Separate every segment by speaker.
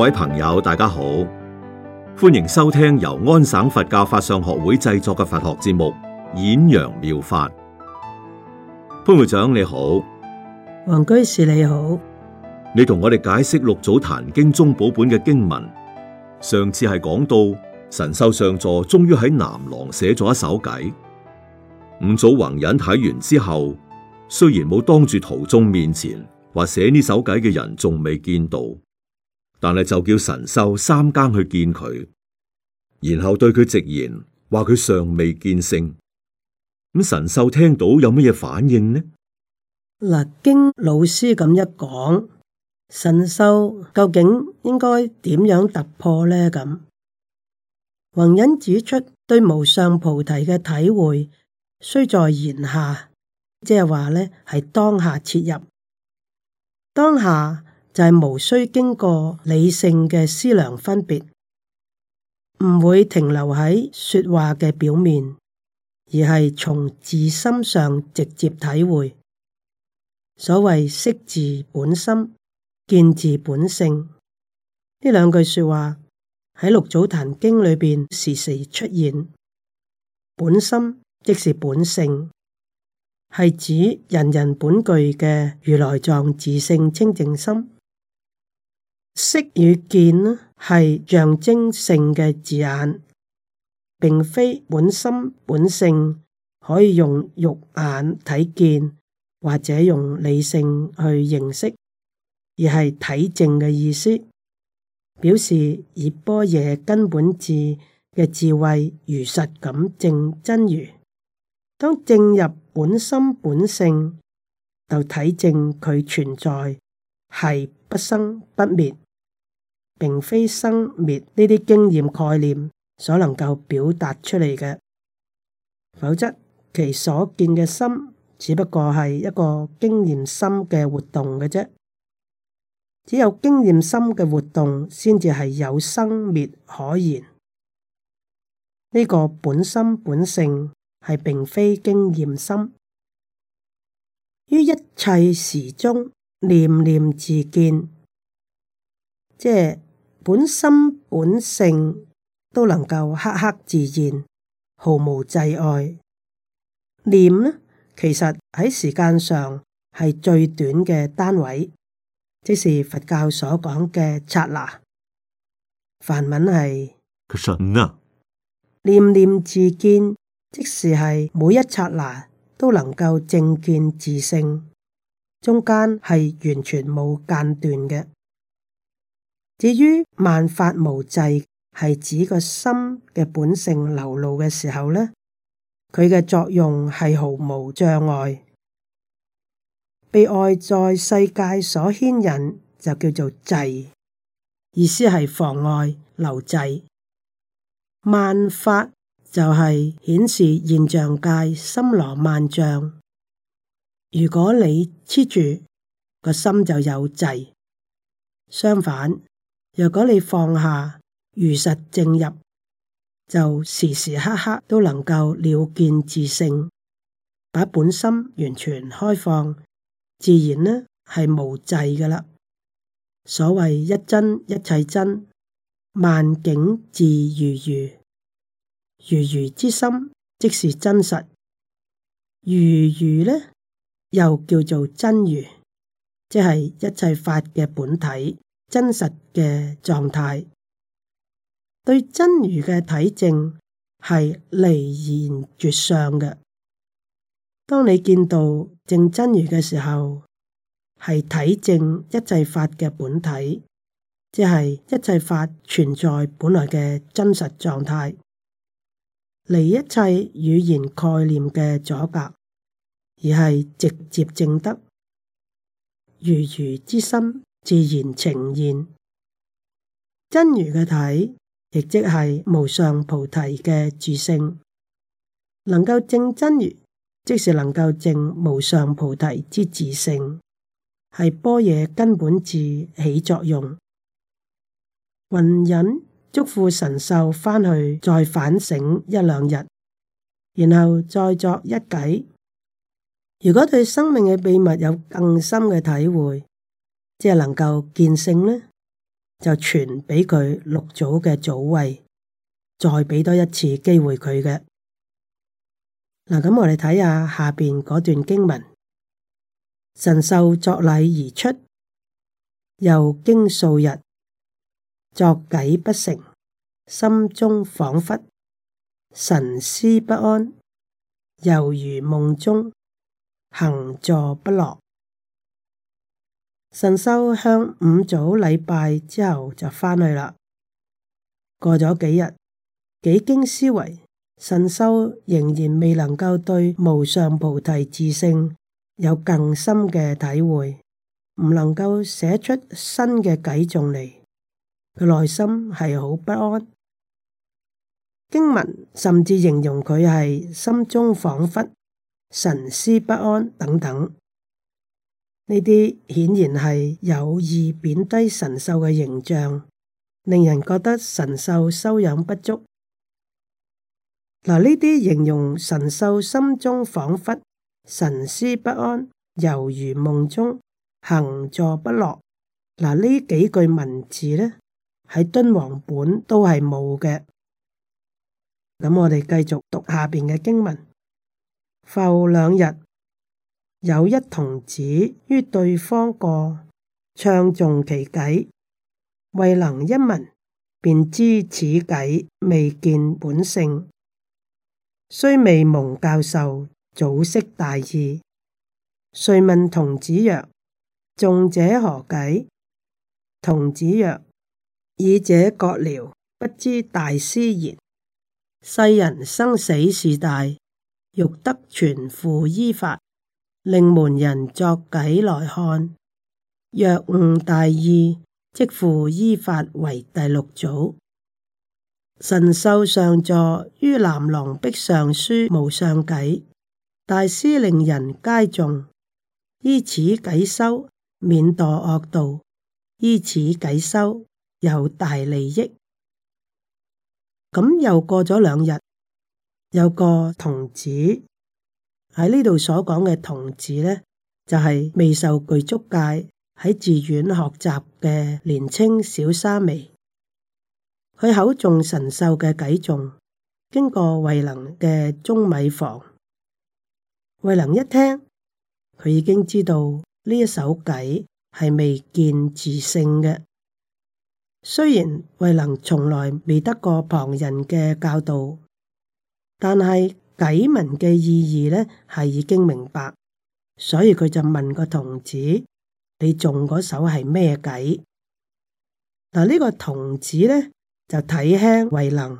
Speaker 1: 各位朋友，大家好，歡迎收聽由安省佛教法上學會製作嘅佛學節目《演揚妙，妙法》。潘會長你好，
Speaker 2: 黃居士你好，
Speaker 1: 你同我哋解釋六祖壇經宗寶本嘅經文。上次係講到神秀上座終於喺南廊寫咗一首偈，五祖弘忍睇完之後，雖然冇當住途中面前，話寫呢首偈嘅人仲未見到。但係就叫神秀三更去見佢，然後對佢直言，話佢尚未見性。咁、嗯、神秀聽到有乜嘢反應呢？
Speaker 2: 嗱，經老師咁一講，神秀究竟應該點樣突破呢？咁弘忍指出，對無上菩提嘅體會，須在言下，即係話呢係當下切入，當下。就係無需經過理性嘅思量分別，唔會停留喺說話嘅表面，而係從自心上直接體會。所謂識自本心、見自本性呢兩句說話，喺六祖壇經裏邊時時出現。本心即是本性，係指人人本具嘅如來藏自性清淨心。色與見呢係象徵性嘅字眼，並非本心本性可以用肉眼睇見，或者用理性去認識，而係體證嘅意思，表示以般若根本智嘅智慧如實噉證真如。當證入本心本性，就體證佢存在係不生不滅。並非生滅呢啲經驗概念所能夠表達出嚟嘅，否則其所見嘅心只不過係一個經驗心嘅活動嘅啫。只有經驗心嘅活動先至係有生滅可言。呢個本心本性係並非經驗心，於一切時中念念自見，即係。本心本性都能夠刻刻自見，毫無障礙。念呢，其實喺時間上係最短嘅單位，即是佛教所講嘅剎那。梵文係，
Speaker 1: 其實呢，
Speaker 2: 念念自見，即是係每一剎那都能夠證見自性，中間係完全冇間斷嘅。至於萬法無滯，係指個心嘅本性流露嘅時候呢佢嘅作用係毫無障礙，被外在世界所牽引就叫做滯，意思係妨礙、留滯。萬法就係顯示現象界森羅萬象。如果你黐住個心就有滯，相反。若果你放下如實正入，就時時刻刻都能夠了見自性，把本心完全開放，自然呢係無際㗎喇。所謂一真一切真，萬境自如如，如如之心即是真實，如如呢又叫做真如，即係一切法嘅本體。真實嘅狀態，對真如嘅體證係離言絕相嘅。當你見到正真如嘅時候，係體證一切法嘅本體，即係一切法存在本來嘅真實狀態，離一切語言概念嘅阻隔，而係直接證得如如之心。自然呈現真如嘅體，亦即係無上菩提嘅自性，能夠證真如，即是能夠證無上菩提之自性，係般若根本智起作用。云隱囑咐神秀翻去再反省一兩日，然後再作一偈，如果對生命嘅秘密有更深嘅體會，即係能夠見性呢，就傳俾佢六祖嘅祖位，再俾多一次機會佢嘅嗱。咁、啊、我哋睇下下邊嗰段經文，神秀作禮而出，又經數日作偈不成，心中恍惚，神思不安，猶如夢中行坐不樂。神修向五祖禮拜之後就返去啦。過咗幾日，幾經思維，神修仍然未能夠對無上菩提自性有更深嘅體會，唔能夠寫出新嘅偈頌嚟，佢內心係好不安。經文甚至形容佢係心中恍惚、神思不安等等。呢啲顯然係有意貶低神秀嘅形象，令人覺得神秀修養不足。嗱，呢啲形容神秀心中恍惚、神思不安，猶如夢中行坐不樂。嗱，呢幾句文字呢，喺敦煌本都係冇嘅。咁我哋繼續讀下邊嘅經文，浮兩日。有一童子於對方過唱誦其偈，惠能一聞便知此偈未見本性，雖未蒙教授早識大意。遂問童子曰：眾者何偈？童子曰：以者各聊不知大師言，世人生死事大，欲得全乎依法。令門人作偈來看，若悟大意，即付依法為第六祖。神秀上座於南廊壁上書無上偈，大師令人皆眾依此偈修，免墮惡道；依此偈修，有大利益。咁又過咗兩日，有個童子。喺呢度所講嘅童子呢，就係未受具足戒，喺寺院學習嘅年青小沙彌。佢口誦神秀嘅偈頌，經過慧能嘅中米房。慧能一聽，佢已經知道呢一首偈係未見自性嘅。雖然慧能從來未得過旁人嘅教導，但係。偈文嘅意義咧，係已經明白，所以佢就問個童子：你中嗰首係咩偈？嗱，呢個童子呢，就睇輕慧能，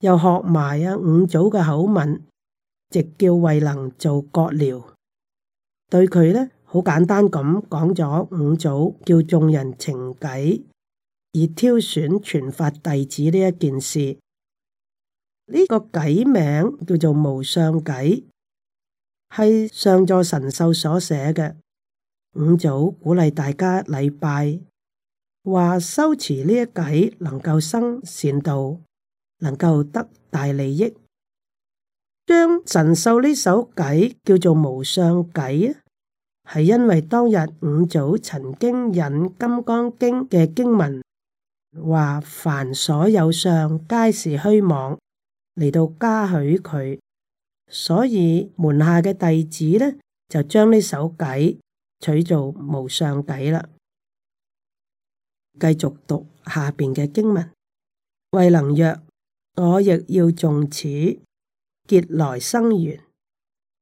Speaker 2: 又學埋啊五祖嘅口吻，直叫慧能做獦獠，對佢呢，好簡單咁講咗五祖叫眾人呈偈，而挑選傳法弟子呢一件事。呢個偈名叫做無相偈，係上座神秀所寫嘅。五祖鼓勵大家禮拜，話修持呢一偈能夠生善道，能夠得大利益。將神秀呢首偈叫做無相偈啊，係因為當日五祖曾經引金剛經嘅經文，話凡所有相，皆是虛妄。嚟到加許佢，所以門下嘅弟子呢，就將呢首偈取做無上偈啦。繼續讀下邊嘅經文，慧能曰：我亦要眾此結來生緣，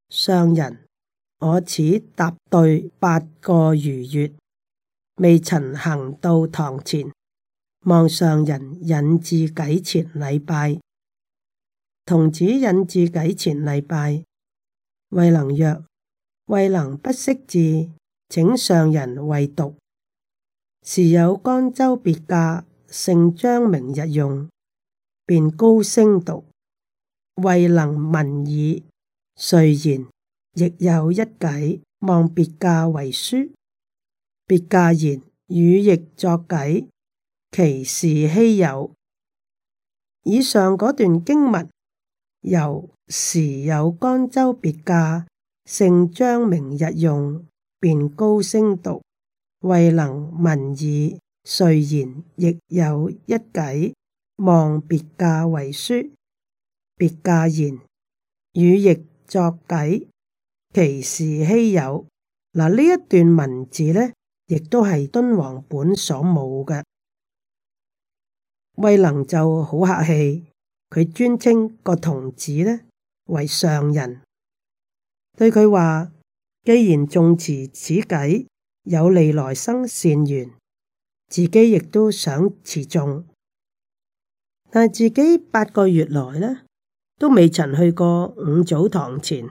Speaker 2: 上人，我此踏碓八個餘月，未曾行到堂前，望上人引至偈前禮拜。童子引至偈前禮拜，慧能曰：慧能不識字，請上人為讀。時有江州別駕姓張，名日用，便高聲讀。慧能聞已，遂言：亦有一偈，望別駕為書。別駕言：與亦作偈，其事稀有。以上嗰段經文。由時有江州別駕姓張，張明日用，便高聲讀。惠能聞已，遂言，亦有一偈，望別駕為書。別駕言，汝亦作偈，其事稀有。嗱，呢一段文字呢，亦都係敦煌本所冇嘅。惠能就好客氣。佢尊稱個童子呢為上人，對佢話：既然誦持此偈有利來生善緣，自己亦都想持誦，但係自己八個月來呢，都未曾去過五祖堂前，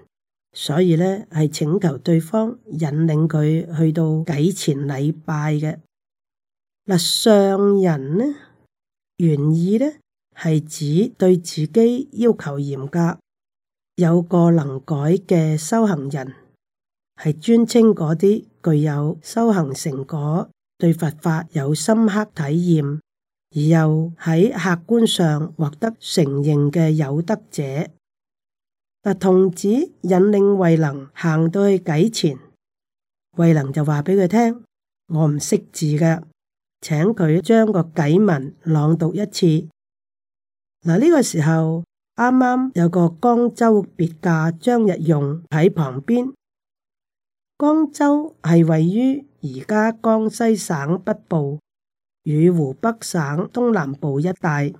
Speaker 2: 所以呢係請求對方引領佢去到偈前禮拜嘅。嗱，上人呢，願意呢。係指對自己要求嚴格，有個能改嘅修行人，係專稱嗰啲具有修行成果、對佛法有深刻體驗，而又喺客觀上獲得承認嘅有德者。嗱，童子引領慧能行到去偈前，慧能就話俾佢聽：「我唔識字嘅，請佢將個偈文朗讀一次。嗱，呢個時候啱啱有個江州別駕張日用喺旁邊。江州係位於而家江西省北部與湖北省東南部一帶。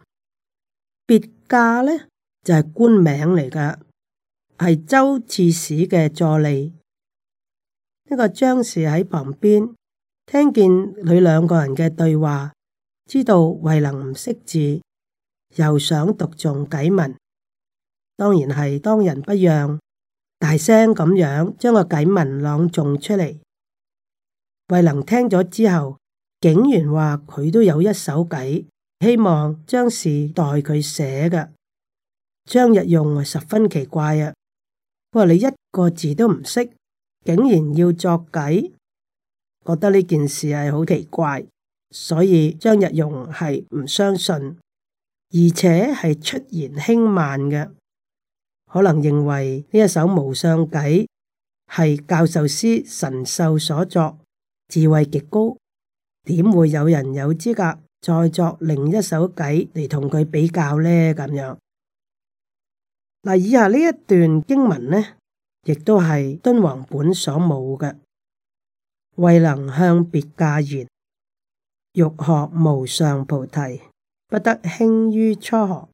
Speaker 2: 別駕呢就係、是、官名嚟噶，係州刺史嘅助理。呢、這個張氏喺旁邊聽見佢兩個人嘅對話，知道慧能唔識字。又想讀誦偈文，當然係當仁不讓，大聲咁樣將個偈文朗誦出嚟。慧能聽咗之後，竟然話佢都有一首偈，希望張氏代佢寫嘅。張日用十分奇怪啊，佢話你一個字都唔識，竟然要作偈，覺得呢件事係好奇怪，所以張日用係唔相信。而且係出言輕慢嘅，可能認為呢一首無相偈係教授師神秀所作，智慧極高，點會有人有資格再作另一首偈嚟同佢比較呢？咁樣嗱，以下呢一段經文呢，亦都係敦煌本所冇嘅，惠能向別駕言，欲學無上菩提。不得輕於初學，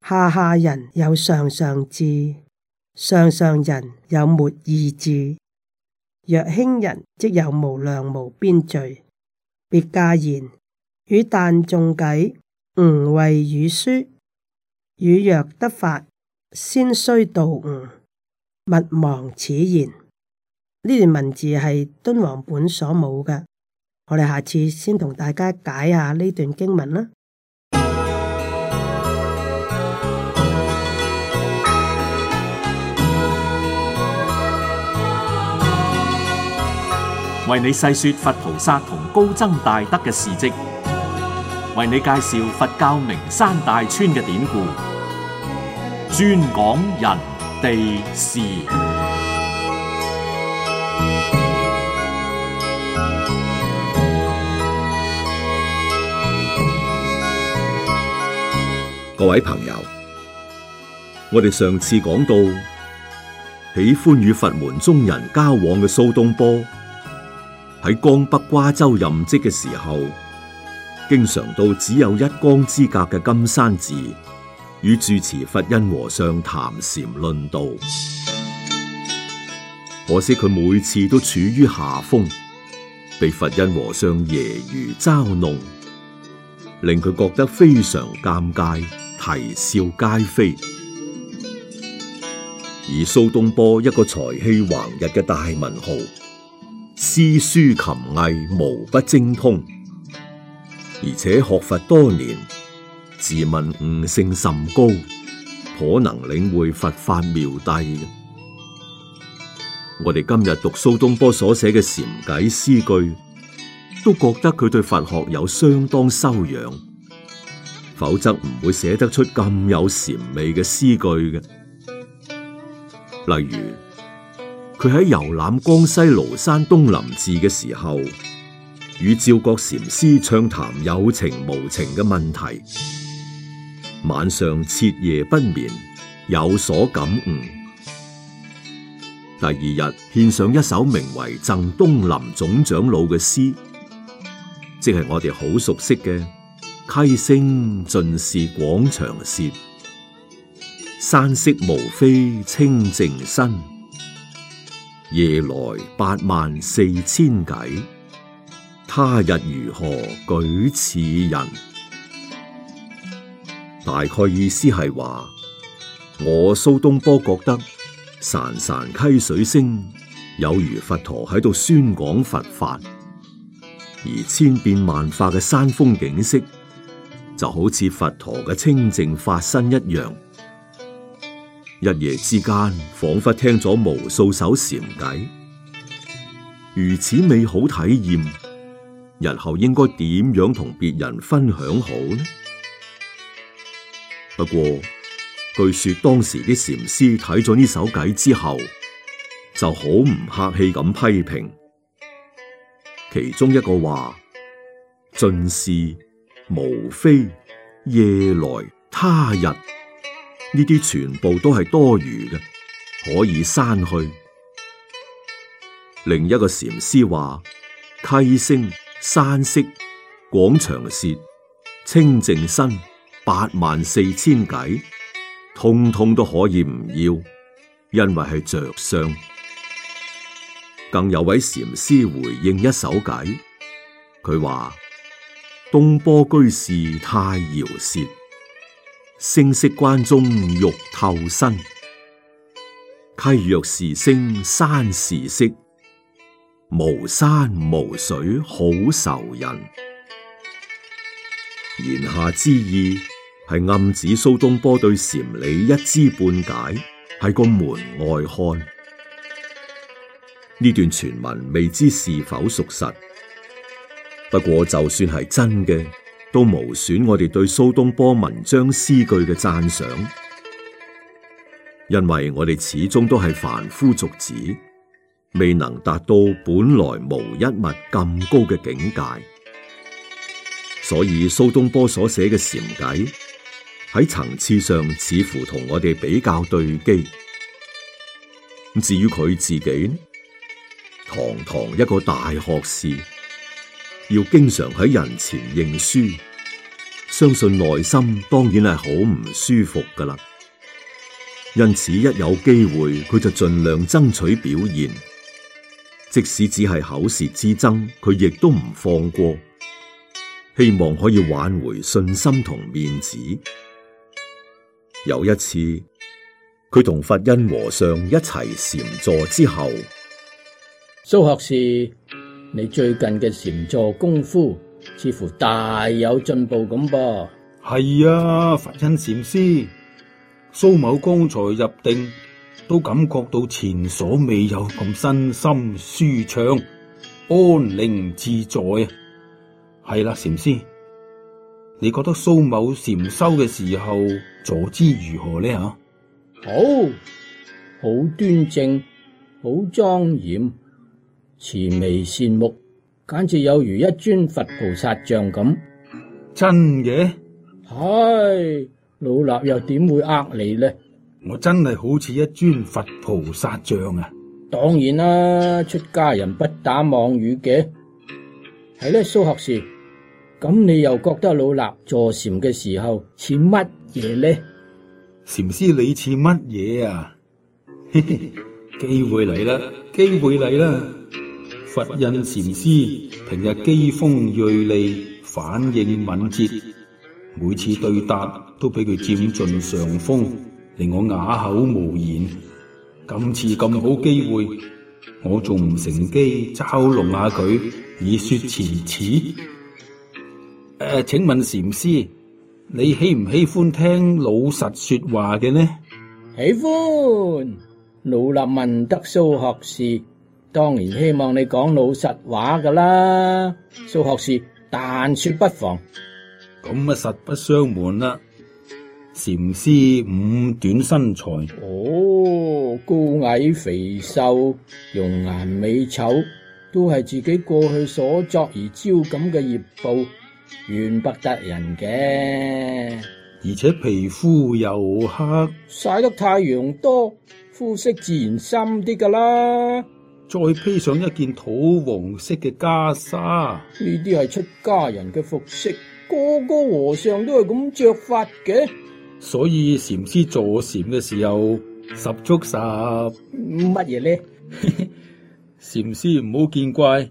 Speaker 2: 下下人有上上智，上上人有沒意智。若輕人，即有無量無邊罪。別駕言：汝但誦偈，吾為汝書。汝若得法，先須度吾，勿忘此言。呢段文字係敦煌本所冇嘅，我哋下次先同大家解下呢段經文啦。
Speaker 1: 為你細說佛菩薩同高僧大德嘅事蹟，為你介紹佛教名山大川嘅典故，專講人地事。各位朋友，我哋上次講到，喜歡與佛門中人交往嘅蘇東坡。喺江北瓜州任職嘅時候，經常到只有一江之隔嘅金山寺，與住持佛印和尚談禪論道。可惜佢每次都處於下風，被佛印和尚揶揄嘲弄，令佢覺得非常尷尬，啼笑皆非。而蘇東坡一個才氣橫溢嘅大文豪。詩書琴藝無不精通，而且學佛多年，自問悟性甚高，可能領會佛法妙諦嘅。我哋今日讀蘇東坡所寫嘅禪偈詩句，都覺得佢對佛學有相當修養，否則唔會寫得出咁有禪味嘅詩句嘅。例如。佢喺遊覽江西廬山東林寺嘅時候，與照覺禪師暢談有情無情嘅問題，晚上徹夜不眠，有所感悟。第二日獻上一首名為《贈東林總長老》嘅詩，即係我哋好熟悉嘅：溪聲盡是廣長舌，山色無非清淨身。夜來八萬四千偈，他日如何舉此人？大概意思係話，我蘇東坡覺得潺潺溪水聲有如佛陀喺度宣講佛法，而千變萬化嘅山峰景色就好似佛陀嘅清淨法身一樣。一夜之間，仿佛聽咗無數首禪偈，如此美好體驗，日後應該點樣同別人分享好呢？不過，據說當時啲禪師睇咗呢首偈之後，就好唔客氣咁批評，其中一個話：盡是，無非，夜來他日。呢啲全部都係多餘嘅，可以刪去。另一個禪師話：溪聲山色廣長舌，清淨身八萬四千偈，通通都可以唔要，因為係着相。更有位禪師回應一首偈，佢話：東坡居士太饒舌。聲色關中欲透身，溪若時是聲山是色，無山無水好愁人。言下之意係暗指蘇東坡對禪理一知半解，係個門外漢。呢段傳聞未知是否屬實，不過就算係真嘅。都無損我哋對蘇東坡文章詩句嘅讚賞，因為我哋始終都係凡夫俗子，未能達到本來無一物咁高嘅境界，所以蘇東坡所寫嘅禪偈喺層次上似乎同我哋比較對機。至於佢自己呢，堂堂一個大學士。要經常喺人前認輸，相信內心當然係好唔舒服㗎喇。因此一有機會，佢就盡量爭取表現，即使只係口舌之爭，佢亦都唔放過，希望可以挽回信心同面子。有一次，佢同佛印和尚一齊禪坐之後，
Speaker 3: 蘇學士。你最近嘅禪坐
Speaker 4: 功夫似乎大有進步咁噃。係啊，佛印禪師，蘇某剛才入定都感覺到前所未有咁身心舒暢、安寧自在啊。係啦，禪師，你覺得蘇某禪修嘅時候坐姿如何呢？啊，好，好端正，
Speaker 3: 好莊嚴。慈眉善目，簡直有如一尊佛菩薩像咁，真嘅？唉，老衲又點會呃你咧？我真係好似一尊佛菩薩像啊！當然啦，出家人不打妄語嘅，係咧蘇學士，咁你又覺得老衲坐禪嘅時候似乜
Speaker 4: 嘢咧？禪師，你似乜嘢啊？機會嚟啦，機會嚟啦！佛印禪師平日機鋒銳利，反應敏捷，每次對答都俾佢佔盡上風，令我啞口無言。今次咁好機會，我仲唔乘機嘲弄下佢，以雪此恥？誒、呃，請問禪師，你喜唔喜歡聽老實說話嘅呢？喜歡。老衲問
Speaker 3: 得蘇學士。當然希望你講老實話噶啦，
Speaker 4: 數學士但說不妨。咁啊，實不相瞞啦、啊，禪師五短身材，哦，高矮
Speaker 3: 肥瘦容顏美醜，都係自己過去所作而招咁嘅業報，怨不得人嘅。而且
Speaker 4: 皮膚又黑，曬得太陽多，膚色自然深啲噶啦。再披上一件土黃色嘅袈裟，呢啲係出家人嘅服飾，個個和尚都係咁着法嘅。所以禪師坐禪嘅時候，十足十乜嘢呢？禪師唔好見怪，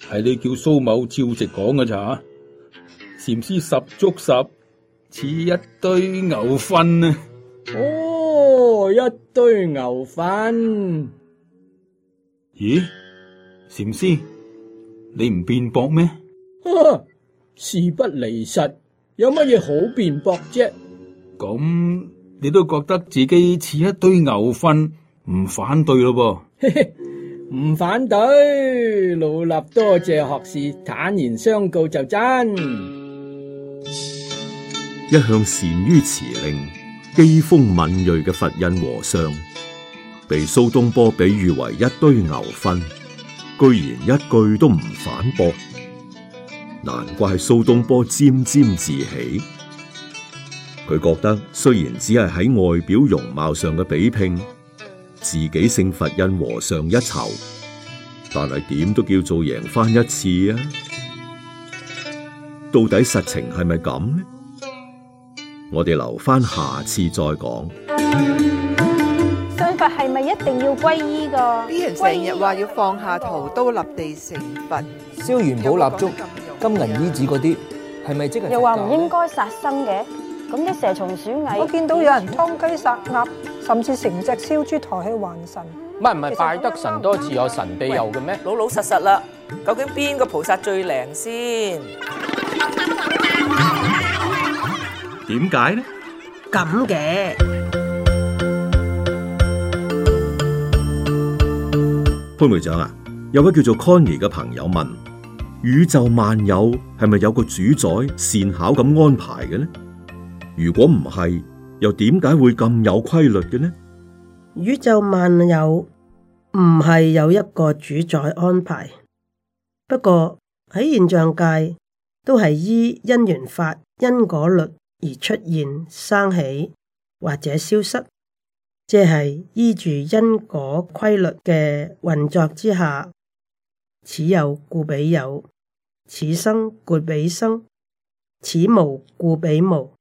Speaker 4: 係你叫蘇某照直講㗎咋？禪師十足十似一堆牛糞
Speaker 3: 呢？哦，一堆牛糞。
Speaker 4: 咦，禪師，你唔辯駁咩？呵
Speaker 3: 呵、啊，事不離實，有乜嘢好辯駁啫？
Speaker 4: 咁你都覺得自己似一堆牛糞，唔反對咯噃？嘿嘿，
Speaker 3: 唔反對，老衲多謝學士坦然相告就真。
Speaker 1: 一向善於辭令、機鋒敏銳嘅佛印和尚。被蘇東坡比喻為一堆牛糞，居然一句都唔反駁，難怪係蘇東坡沾沾自喜。佢覺得雖然只係喺外表容貌上嘅比拼，自己勝佛印和尚一籌，但係點都叫做贏翻一次啊？到底實情係咪咁呢？我哋留翻下次再講。
Speaker 4: 係咪一定要皈
Speaker 3: 依噶？成日話要放下屠刀立地成佛，燒元寶蠟燭、金銀衣紙嗰啲，係咪即係？又話唔應
Speaker 2: 該殺生嘅，咁啲蛇蟲鼠蟻，我見到有人劏雞殺鴨，甚至成隻燒豬抬去還神。
Speaker 3: 唔係唔係，拜得神多自有神庇佑嘅咩？老老實實啦，究竟邊個菩薩最
Speaker 2: 靈先？
Speaker 1: 點解呢？
Speaker 2: 咁嘅。
Speaker 1: 潘會長啊，有位叫做 Conny 嘅朋友問：「宇宙萬有係咪有個主宰善巧咁安排嘅呢？如果唔係，又點解會咁有規律嘅呢？」
Speaker 2: 宇宙萬有唔係有一個主宰安排，不過喺現象界都係依因緣法、因果律而出現、生起或者消失。即係依住因果規律嘅運作之下，此有故彼有，此生故彼生，此無故彼無，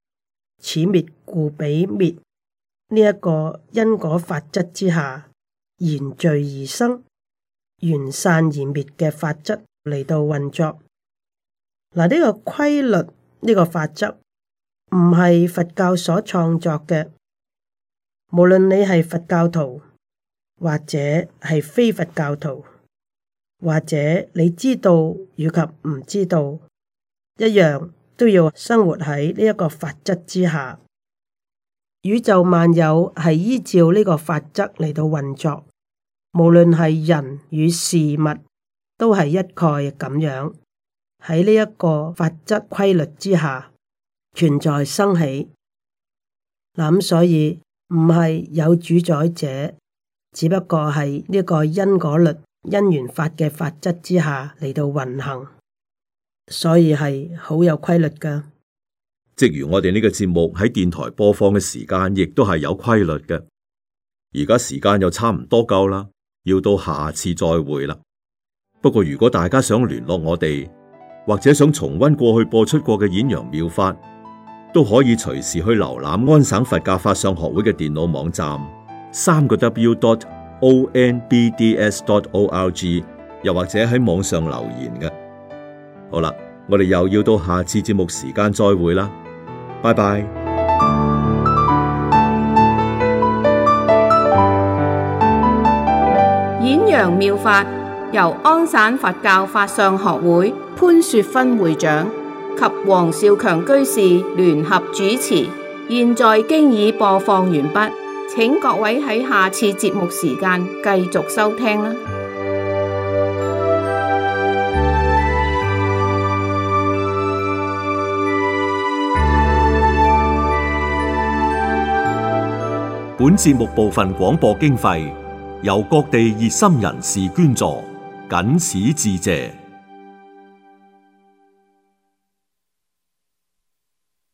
Speaker 2: 此滅故彼滅，呢、這、一個因果法則之下，緣聚而生，緣散而滅嘅法則嚟，到運作。嗱，呢個規律呢、這個法則唔係佛教所創作嘅。無論你係佛教徒，或者係非佛教徒，或者你知道與及唔知道，一樣都要生活喺呢一個法則之下。宇宙萬有係依照呢個法則嚟到運作，無論係人與事物，都係一概咁樣喺呢一個法則規律之下存在生起。嗱咁，所以。唔係有主宰者，只不過係呢個因果律、因緣法嘅法則之下嚟到運行，所以係好有規律噶。
Speaker 1: 正如我哋呢個節目喺電台播放嘅時間，亦都係有規律嘅。而家時間又差唔多夠啦，要到下次再會啦。不過如果大家想聯絡我哋，或者想重溫過去播出過嘅演揚妙法。都可以隨時去瀏覽安省佛教法相學會嘅電腦網站，三個 W. dot O N B D S. dot O R G. 又或者喺網上留言嘅。好啦，我哋又要到下次節目時間再會啦，拜拜。
Speaker 3: 演揚妙法由安省佛教法相學會潘雪芬會長。及黃少強居士聯合主持，現在經已播放完畢，請各位喺下次節目時間繼續收聽啦。
Speaker 1: 本節目部分廣播經費由各地熱心人士捐助，謹此致謝。